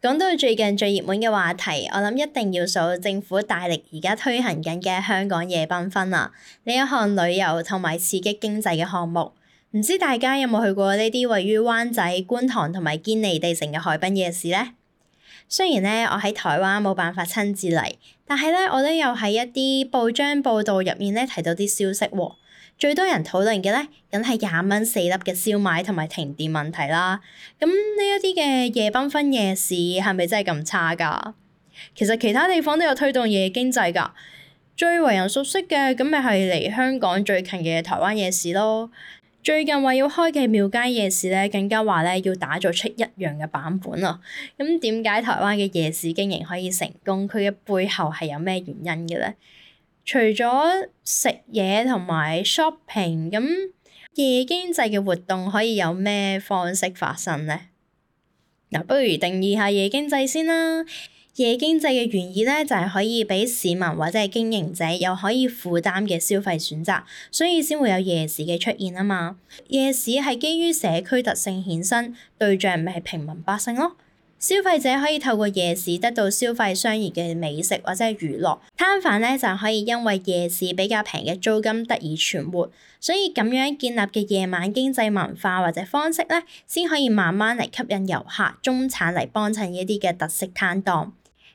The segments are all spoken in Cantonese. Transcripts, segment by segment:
講到最近最熱門嘅話題，我諗一定要數政府大力而家推行緊嘅香港夜繽紛啦。呢一項旅遊同埋刺激經濟嘅項目，唔知大家有冇去過呢啲位於灣仔、觀塘同埋堅尼地城嘅海濱夜市咧？雖然咧，我喺台灣冇辦法親自嚟，但係咧，我都有喺一啲報章報道入面咧睇到啲消息喎。最多人討論嘅咧，梗係廿蚊四粒嘅燒賣同埋停電問題啦。咁呢一啲嘅夜繽紛夜市係咪真係咁差噶？其實其他地方都有推動夜經濟噶。最為人熟悉嘅咁咪係離香港最近嘅台灣夜市咯。最近話要開嘅廟街夜市咧，更加話咧要打造出一樣嘅版本咯。咁點解台灣嘅夜市經營可以成功？佢嘅背後係有咩原因嘅咧？除咗食嘢同埋 shopping，咁夜經濟嘅活動可以有咩方式發生呢？嗱，不如定義下夜經濟先啦。夜經濟嘅原意咧，就係可以俾市民或者係經營者有可以負擔嘅消費選擇，所以先會有夜市嘅出現啊嘛。夜市係基於社區特性衍生，對象咪係平民百姓咯。消費者可以透過夜市得到消費相宜嘅美食或者係娛樂，攤販呢就可以因為夜市比較平嘅租金得以存活，所以咁樣建立嘅夜晚經濟文化或者方式呢，先可以慢慢嚟吸引遊客、中產嚟幫襯呢啲嘅特色攤檔。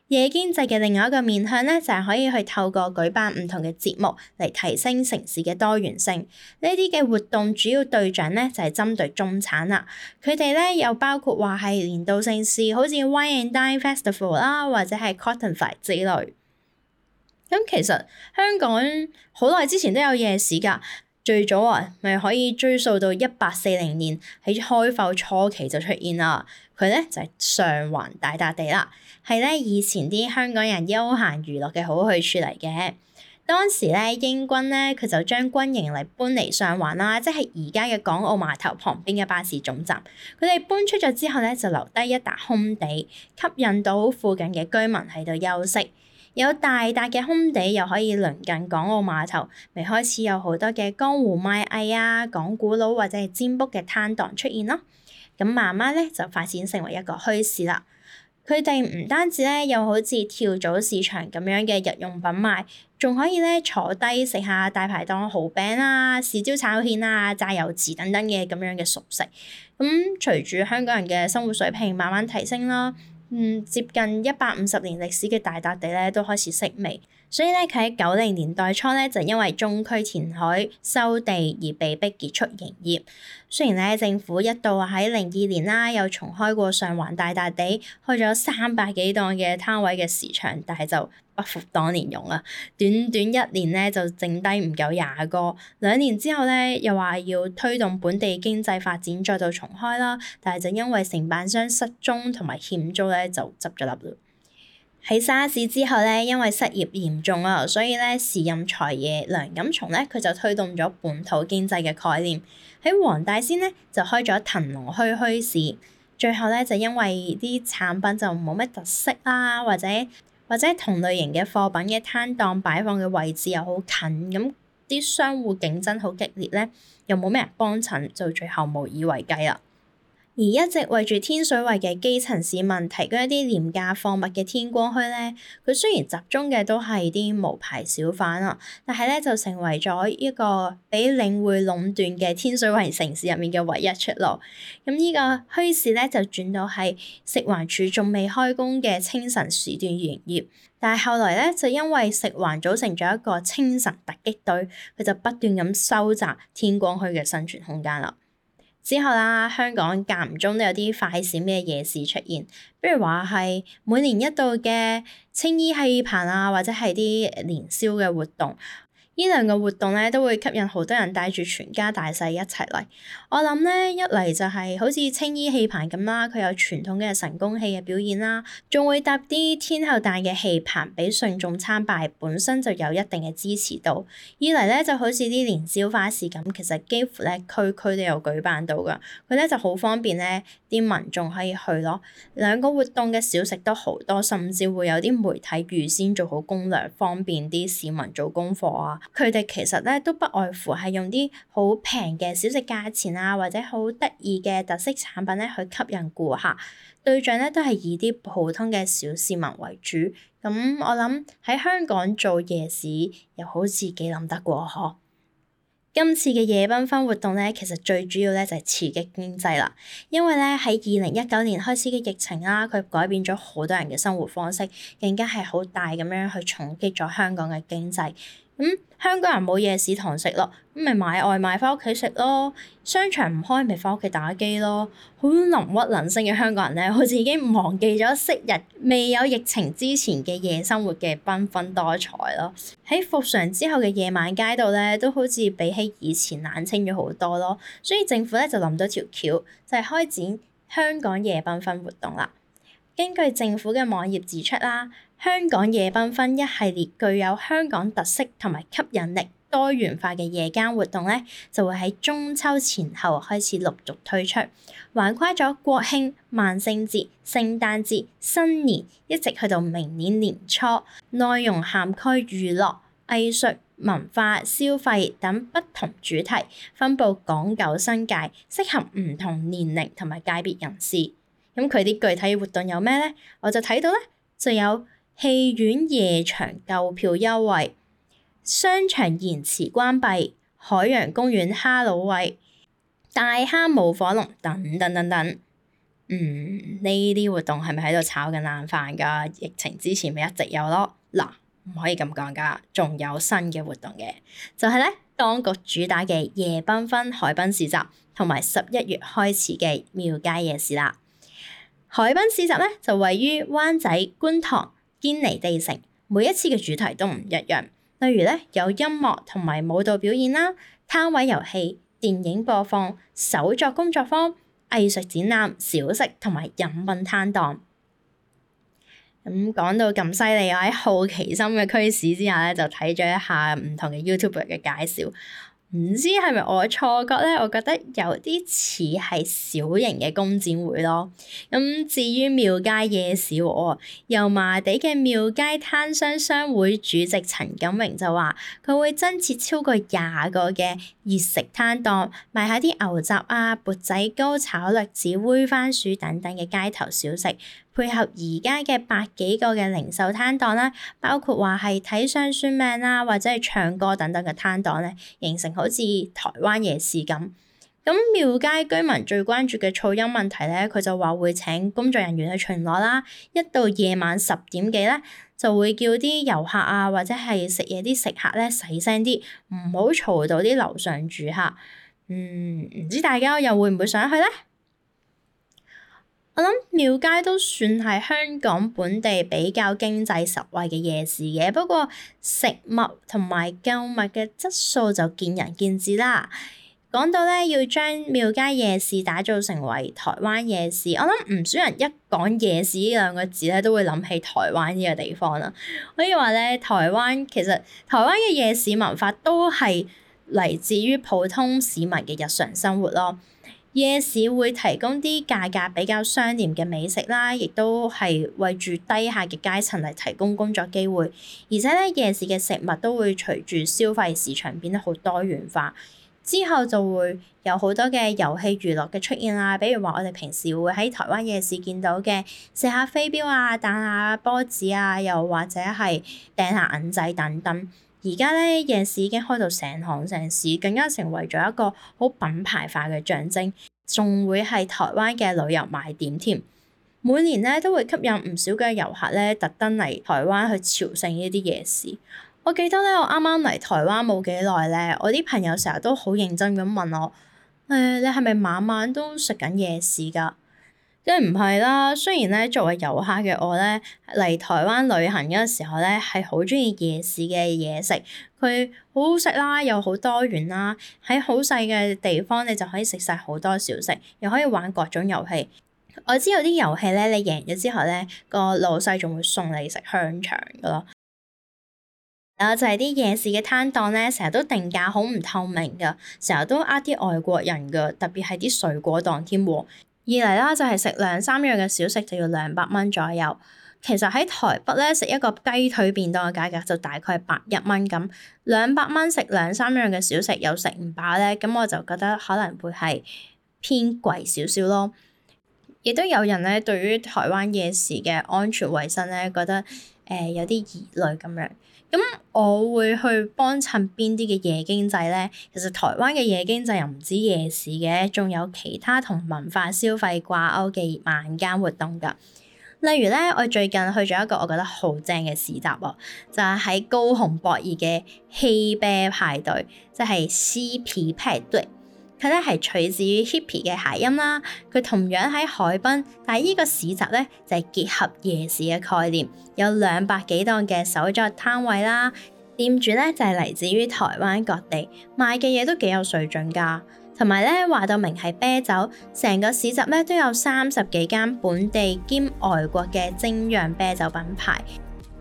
夜經濟嘅另外一個面向咧，就係、是、可以去透過舉辦唔同嘅節目嚟提升城市嘅多元性。呢啲嘅活動主要對象咧，就係、是、針對中產啦。佢哋咧又包括話係年度盛事，好似 Wine and Dine Festival 啦，或者係 Cotton Fight 之類。咁其實香港好耐之前都有夜市㗎。最早啊，咪可以追溯到一八四零年喺開埠初期就出現啦。佢咧就係上環大笪地啦，係咧以前啲香港人休閒娛樂嘅好去處嚟嘅。當時咧英軍咧佢就將軍營嚟搬嚟上環啦，即係而家嘅港澳碼頭旁邊嘅巴士總站。佢哋搬出咗之後咧，就留低一笪空地，吸引到附近嘅居民喺度休息。有大笪嘅空地，又可以鄰近港澳碼頭，未開始有好多嘅江湖賣藝啊、講古佬或者係占卜嘅攤檔出現咯。咁慢慢咧就發展成為一個墟市啦。佢哋唔單止咧，又好似跳蚤市場咁樣嘅日用品賣，仲可以咧坐低食下大排檔蠔、啊、蠔餅啦、豉椒炒蜆啊、炸油條等等嘅咁樣嘅熟食。咁隨住香港人嘅生活水平慢慢提升啦。嗯，接近一百五十年歷史嘅大笪地咧，都開始式微。所以咧，佢喺九零年代初咧，就因為中區填海收地而被迫結束營業。雖然咧，政府一度喺零二年啦，又重開過上環大笪地，開咗三百幾檔嘅攤位嘅市場，但係就不復當年用啦。短短一年咧，就剩低唔夠廿個。兩年之後咧，又話要推動本地經濟發展再度重開啦，但係就因為承辦商失蹤同埋欠租咧，就執咗笠。喺沙士之後咧，因為失業嚴重啊，所以咧，時任財爺梁錦松咧，佢就推動咗本土經濟嘅概念。喺黃大仙咧，就開咗騰龍墟墟市。最後咧，就因為啲產品就冇乜特色啦，或者或者同類型嘅貨品嘅攤檔擺放嘅位置又好近，咁啲商戶競爭好激烈咧，又冇咩人幫襯，就最後無以為繼啦。而一直為住天水圍嘅基層市民提供一啲廉價貨物嘅天光墟咧，佢雖然集中嘅都係啲無牌小販啊，但係咧就成為咗一個俾領會壟斷嘅天水圍城市入面嘅唯一出路。咁、嗯這個、呢個墟市咧就轉到係食環署仲未開工嘅清晨時段營業，但係後來咧就因為食環組成咗一個清晨突擊隊，佢就不斷咁收窄天光墟嘅生存空間啦。之後啦，香港間唔中都有啲快閃嘅夜市出現，比如話係每年一度嘅青衣戲棚啊，或者係啲年宵嘅活動。呢兩個活動咧都會吸引好多人帶住全家大細一齊嚟。我諗咧，一嚟就係好似青衣戲棚咁啦，佢有傳統嘅神功戲嘅表演啦，仲會搭啲天后誕嘅戲棚俾信眾參拜，本身就有一定嘅支持度。二嚟咧就好似啲年宵花市咁，其實幾乎咧區區都有舉辦到㗎，佢咧就好方便咧啲民眾可以去咯。兩個活動嘅小食都好多，甚至會有啲媒體預先做好攻略，方便啲市民做功課啊。佢哋其實咧都不外乎係用啲好平嘅小食價錢啊，或者好得意嘅特色產品咧去吸引顧客對象咧，都係以啲普通嘅小市民為主。咁我諗喺香港做夜市又好，自己諗得過呵。今次嘅夜繽紛活動咧，其實最主要咧就係刺激經濟啦。因為咧喺二零一九年開始嘅疫情啦，佢改變咗好多人嘅生活方式，更加係好大咁樣去重擊咗香港嘅經濟。咁、嗯、香港人冇夜市堂食咯，咁咪買外賣翻屋企食咯。商場唔開，咪翻屋企打機咯。好能屈能伸嘅香港人咧，好似已經忘記咗昔日未有疫情之前嘅夜生活嘅繽紛多彩咯。喺復常之後嘅夜晚街道咧，都好似比起以前冷清咗好多咯。所以政府咧就諗咗條橋，就係、是、開展香港夜繽紛活動啦。根據政府嘅網頁指出啦，香港夜繽紛一系列具有香港特色同埋吸引力多元化嘅夜間活動咧，就會喺中秋前後開始陸續推出，橫跨咗國慶、萬聖節、聖誕節、新年，一直去到明年年初，內容涵蓋娛樂、藝術、文化、消費等不同主題，分佈港九新界，適合唔同年齡同埋界別人士。咁佢啲具體活動有咩咧？我就睇到咧，就有戲院夜場購票優惠、商場延遲關閉、海洋公園哈囉喂、大坑舞火龍等等等等。嗯，呢啲活動係咪喺度炒緊冷飯㗎？疫情之前咪一直有咯。嗱，唔可以咁講㗎，仲有新嘅活動嘅，就係咧，當局主打嘅夜繽紛海濱市集，同埋十一月開始嘅廟街夜市啦。海濱市集咧就位於灣仔、觀塘、堅尼地城，每一次嘅主題都唔一樣。例如咧有音樂同埋舞蹈表演啦、攤位遊戲、電影播放、手作工作坊、藝術展覽、小食同埋飲品攤檔。咁講到咁犀利，我喺好奇心嘅驅使之下咧，就睇咗一下唔同嘅 YouTuber 嘅介紹。唔知係咪我錯覺咧？我覺得有啲似係小型嘅工展會咯。咁至於廟街夜市喎，油麻地嘅廟街攤商商會主席陳錦榮就話，佢會增設超過廿個嘅熱食攤檔，賣下啲牛雜啊、缽仔糕、炒栗子、煨番薯等等嘅街頭小食。配合而家嘅百幾個嘅零售攤檔啦，包括話係睇相、算命啦，或者係唱歌等等嘅攤檔咧，形成好似台灣夜市咁。咁廟街居民最關注嘅噪音問題咧，佢就話會請工作人員去巡邏啦，一到夜晚十點幾咧，就會叫啲遊客啊，或者係食嘢啲食客咧，細聲啲，唔好嘈到啲樓上住客。嗯，唔知大家又會唔會想去咧？我諗廟街都算係香港本地比較經濟實惠嘅夜市嘅，不過食物同埋購物嘅質素就見仁見智啦。講到咧，要將廟街夜市打造成為台灣夜市，我諗唔少人一講夜市呢兩個字咧，都會諗起台灣呢個地方啦。可以話咧，台灣其實台灣嘅夜市文化都係嚟自於普通市民嘅日常生活咯。夜市會提供啲價格比較相廉嘅美食啦，亦都係為住低下嘅階層嚟提供工作機會。而且咧，夜市嘅食物都會隨住消費市場變得好多元化。之後就會有好多嘅遊戲娛樂嘅出現啦，比如話我哋平時會喺台灣夜市見到嘅，食下飛鏢啊，彈下波子啊，又或者係掟下銀仔等等。而家咧，夜市已經開到成行成市，更加成為咗一個好品牌化嘅象徵，仲會係台灣嘅旅遊賣點添。每年咧，都會吸引唔少嘅遊客咧，特登嚟台灣去朝聖呢啲夜市。我記得咧，我啱啱嚟台灣冇幾耐咧，我啲朋友成日都好認真咁問我：誒、呃，你係咪晚晚都食緊夜市㗎？梗係唔係啦。雖然咧，作為遊客嘅我咧，嚟台灣旅行嗰陣時候咧，係好中意夜市嘅嘢食。佢好好食啦，又好多元啦。喺好細嘅地方，你就可以食晒好多小食，又可以玩各種遊戲。我知道啲遊戲咧，你贏咗之後咧，個老細仲會送你食香腸噶咯。啊， 就係啲夜市嘅攤檔咧，成日都定價好唔透明噶，成日都呃啲外國人噶，特別係啲水果檔添喎。二嚟啦，就係食兩三樣嘅小食就要兩百蚊左右。其實喺台北咧，食一個雞腿便當嘅價格就大概係百一蚊咁。兩百蚊食兩三樣嘅小食又食唔飽咧，咁我就覺得可能會係偏貴少少咯。亦都有人咧，對於台灣夜市嘅安全衞生咧，覺得誒、呃、有啲疑慮咁樣。咁我會去幫襯邊啲嘅夜經濟咧？其實台灣嘅夜經濟又唔止夜市嘅，仲有其他同文化消費掛鈎嘅晚間活動噶。例如咧，我最近去咗一個我覺得好正嘅市集喎，就係喺高雄博爾嘅氣啤派對，即係 CP 派對。佢咧係取自於 hippie 嘅諧音啦，佢同樣喺海濱，但係呢個市集咧就係結合夜市嘅概念，有兩百幾檔嘅手作攤位啦，店主咧就係嚟自於台灣各地，賣嘅嘢都幾有水準㗎，同埋咧話到明係啤酒，成個市集咧都有三十幾間本地兼外國嘅精釀啤酒品牌，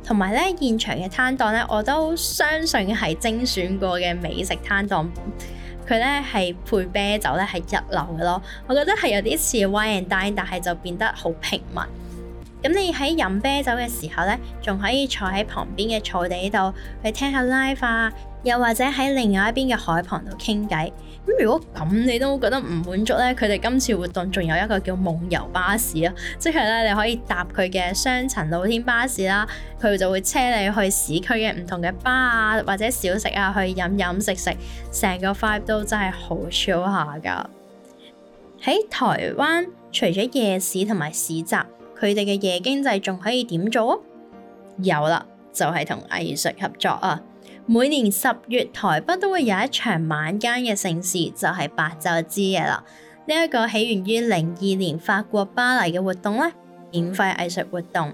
同埋咧現場嘅攤檔咧，我都相信係精選過嘅美食攤檔。佢咧係配啤酒咧係一流嘅咯，我覺得係有啲似 wine and dine，但係就變得好平民。咁你喺飲啤酒嘅時候咧，仲可以坐喺旁邊嘅草地度去聽下 live 啊，又或者喺另外一邊嘅海旁度傾偈。咁如果咁你都覺得唔滿足咧，佢哋今次活動仲有一個叫夢遊巴士啊，即係咧你可以搭佢嘅雙層露天巴士啦，佢就會車你去市區嘅唔同嘅吧或者小食啊去飲飲食食，成個 five 都真係好 show 下㗎。喺台灣除咗夜市同埋市集，佢哋嘅夜經濟仲可以點做？有啦，就係同藝術合作啊！每年十月台北都會有一場晚間嘅盛事，就係白晝之夜啦。呢一個起源於零二年法國巴黎嘅活動咧，免費藝術活動。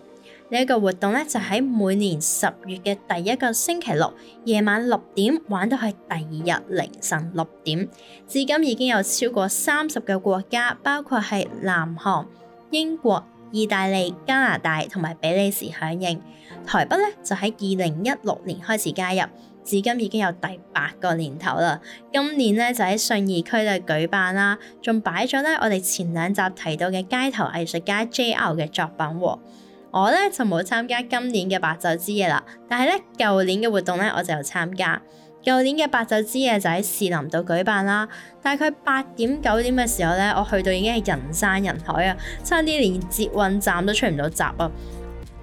呢一個活動咧就喺每年十月嘅第一個星期六夜晚六點玩到係第二日凌晨六點。至今已經有超過三十個國家，包括係南韓、英國、意大利、加拿大同埋比利時響應，台北咧就喺二零一六年開始加入，至今已經有第八個年頭啦。今年咧就喺信義區度舉辦啦，仲擺咗咧我哋前兩集提到嘅街頭藝術家 J.R. 嘅作品喎。我咧就冇參加今年嘅白晝之夜啦，但係咧舊年嘅活動咧我就有參加。舊年嘅白晝之夜就喺士林度舉辦啦，大概八點九點嘅時候呢，我去到已經係人山人海啊，差啲連捷運站都出唔到閘啊！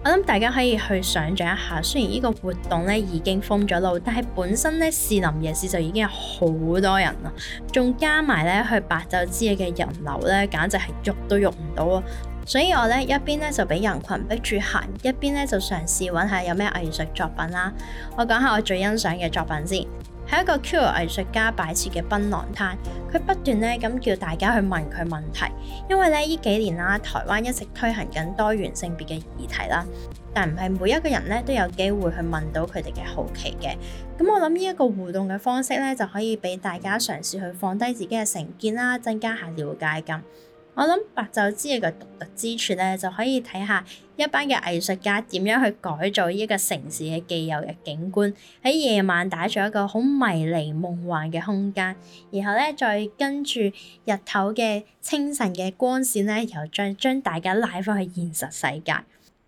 我諗大家可以去想象一下，雖然呢個活動咧已經封咗路，但係本身咧士林夜市就已經有好多人啦，仲加埋咧去白晝之夜嘅人流咧，簡直係喐都喐唔到啊！所以我咧一邊咧就俾人群逼住行，一邊咧就嘗試揾下有咩藝術作品啦。我講下我最欣賞嘅作品先。係一個 Q 藝術家擺設嘅檳榔攤，佢不斷咧咁叫大家去問佢問題，因為咧依幾年啦，台灣一直推行緊多元性別嘅議題啦，但唔係每一個人咧都有機會去問到佢哋嘅好奇嘅，咁我諗呢一個互動嘅方式咧就可以俾大家嘗試去放低自己嘅成見啦，增加下了解咁。我諗白晝之夜嘅獨特之處咧，就可以睇下一班嘅藝術家點樣去改造呢一個城市嘅既有嘅景觀，喺夜晚打造一個好迷離夢幻嘅空間，然後咧再跟住日頭嘅清晨嘅光線咧，又再將，將大家拉翻去現實世界。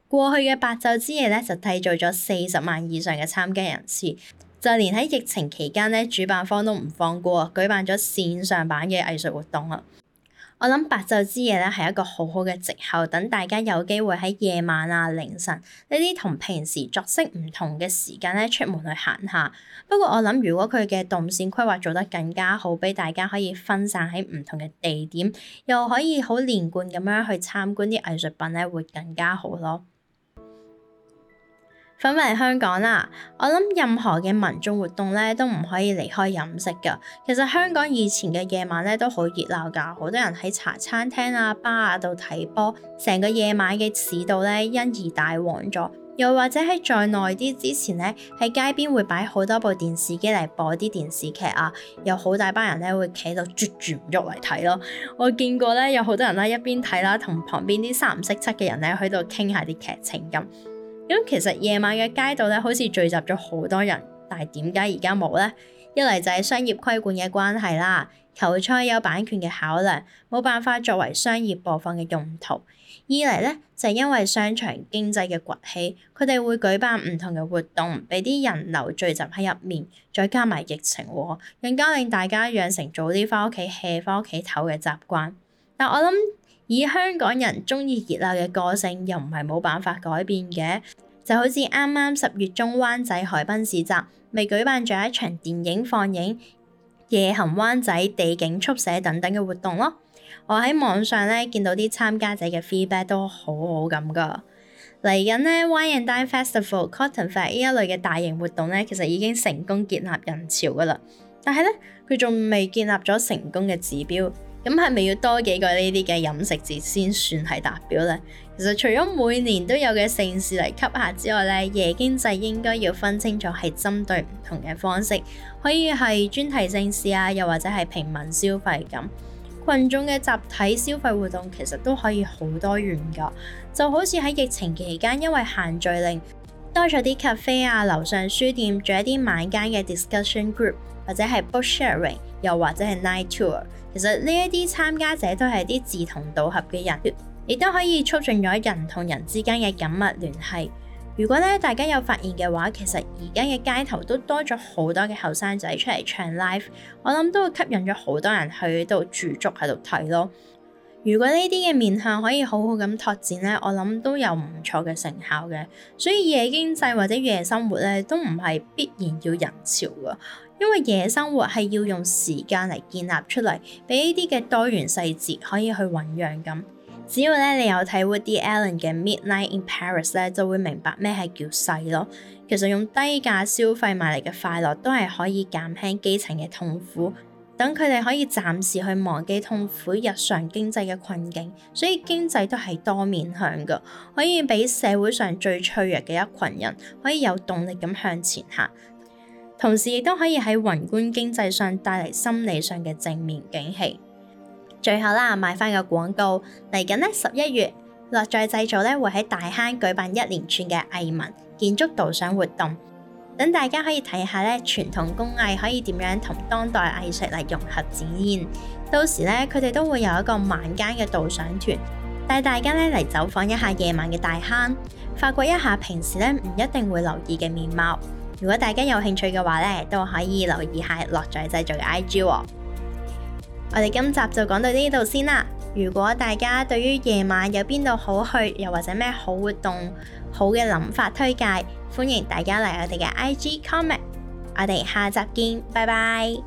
過去嘅白晝之夜咧，就締造咗四十萬以上嘅參加人次，就連喺疫情期間咧，主辦方都唔放過，舉辦咗線上版嘅藝術活動啦。我諗白晝之夜咧係一個好好嘅藉口，等大家有機會喺夜晚啊、凌晨呢啲同平時作息唔同嘅時間咧出門去行下。不過我諗如果佢嘅動線規劃做得更加好，俾大家可以分散喺唔同嘅地點，又可以好連貫咁樣去參觀啲藝術品咧，會更加好咯。返返嚟香港啦，我諗任何嘅民眾活動咧都唔可以離開飲食噶。其實香港以前嘅夜晚咧都好熱鬧噶，好多人喺茶餐廳啊、巴啊度睇波，成個夜晚嘅市道咧因而大旺咗。又或者喺再耐啲之前咧，喺街邊會擺好多部電視機嚟播啲電視劇啊，有好大班人咧會企到啜住唔喐嚟睇咯。我見過咧有好多人啦，一邊睇啦，同旁邊啲三唔識七嘅人咧喺度傾下啲劇情咁。咁其實夜晚嘅街道咧，好似聚集咗好多人，但係點解而家冇呢？一嚟就係商業規管嘅關係啦，球賽有版權嘅考量，冇辦法作為商業播放嘅用途；二嚟呢，就係因為商場經濟嘅崛起，佢哋會舉辦唔同嘅活動，俾啲人流聚集喺入面，再加埋疫情，更加令大家養成早啲翻屋企 hea、翻屋企唞嘅習慣。但我諗。以香港人中意熱鬧嘅個性，又唔係冇辦法改變嘅，就好似啱啱十月中灣仔海濱市集，咪舉辦咗一場電影放映、夜行灣仔地景速寫等等嘅活動咯。我喺網上咧見到啲參加者嘅 feedback 都好好咁噶。嚟緊咧 Wine and Dine Festival、Cotton Fair 呢一類嘅大型活動咧，其實已經成功建立人潮噶啦，但係咧佢仲未建立咗成功嘅指標。咁係咪要多幾個呢啲嘅飲食節先算係達標呢？其實除咗每年都有嘅盛事嚟吸客之外咧，夜經濟應該要分清楚係針對唔同嘅方式，可以係專題盛事啊，又或者係平民消費咁，群眾嘅集體消費活動其實都可以好多元噶。就好似喺疫情期間，因為限聚令多咗啲 cafe 啊、樓上書店，仲有啲晚間嘅 discussion group 或者係 book sharing，又或者係 night tour。其實呢一啲參加者都係啲志同道合嘅人，亦都可以促進咗人同人之間嘅緊密聯繫。如果咧大家有發現嘅話，其實而家嘅街頭都多咗好多嘅後生仔出嚟唱 live，我諗都會吸引咗好多人去度駐足喺度睇咯。如果呢啲嘅面向可以好好咁拓展咧，我諗都有唔錯嘅成效嘅。所以夜經濟或者夜生活咧，都唔係必然要人潮噶。因為夜生活係要用時間嚟建立出嚟，俾呢啲嘅多元細節可以去醞釀咁。只要咧你有睇 Woody Allen 嘅《Midnight in Paris》咧，就會明白咩係叫細咯。其實用低價消費買嚟嘅快樂，都係可以減輕基層嘅痛苦，等佢哋可以暫時去忘記痛苦日常經濟嘅困境。所以經濟都係多面向㗎，可以俾社會上最脆弱嘅一群人，可以有動力咁向前行。同時亦都可以喺宏觀經濟上帶嚟心理上嘅正面景氣。最後啦，賣翻個廣告，嚟緊咧十一月，樂在製造咧會喺大坑舉辦一連串嘅藝文建築導賞活動，等大家可以睇下咧傳統工藝可以點樣同當代藝術嚟融合展現。到時咧佢哋都會有一個晚間嘅導賞團，帶大家咧嚟走訪一下夜晚嘅大坑，發掘一下平時咧唔一定會留意嘅面貌。如果大家有興趣嘅話咧，都可以留意下樂在製造嘅 I G。我哋今集就講到呢度先啦。如果大家對於夜晚有邊度好去，又或者咩好活動、好嘅諗法推介，歡迎大家嚟我哋嘅 I G comment。我哋下集見，拜拜。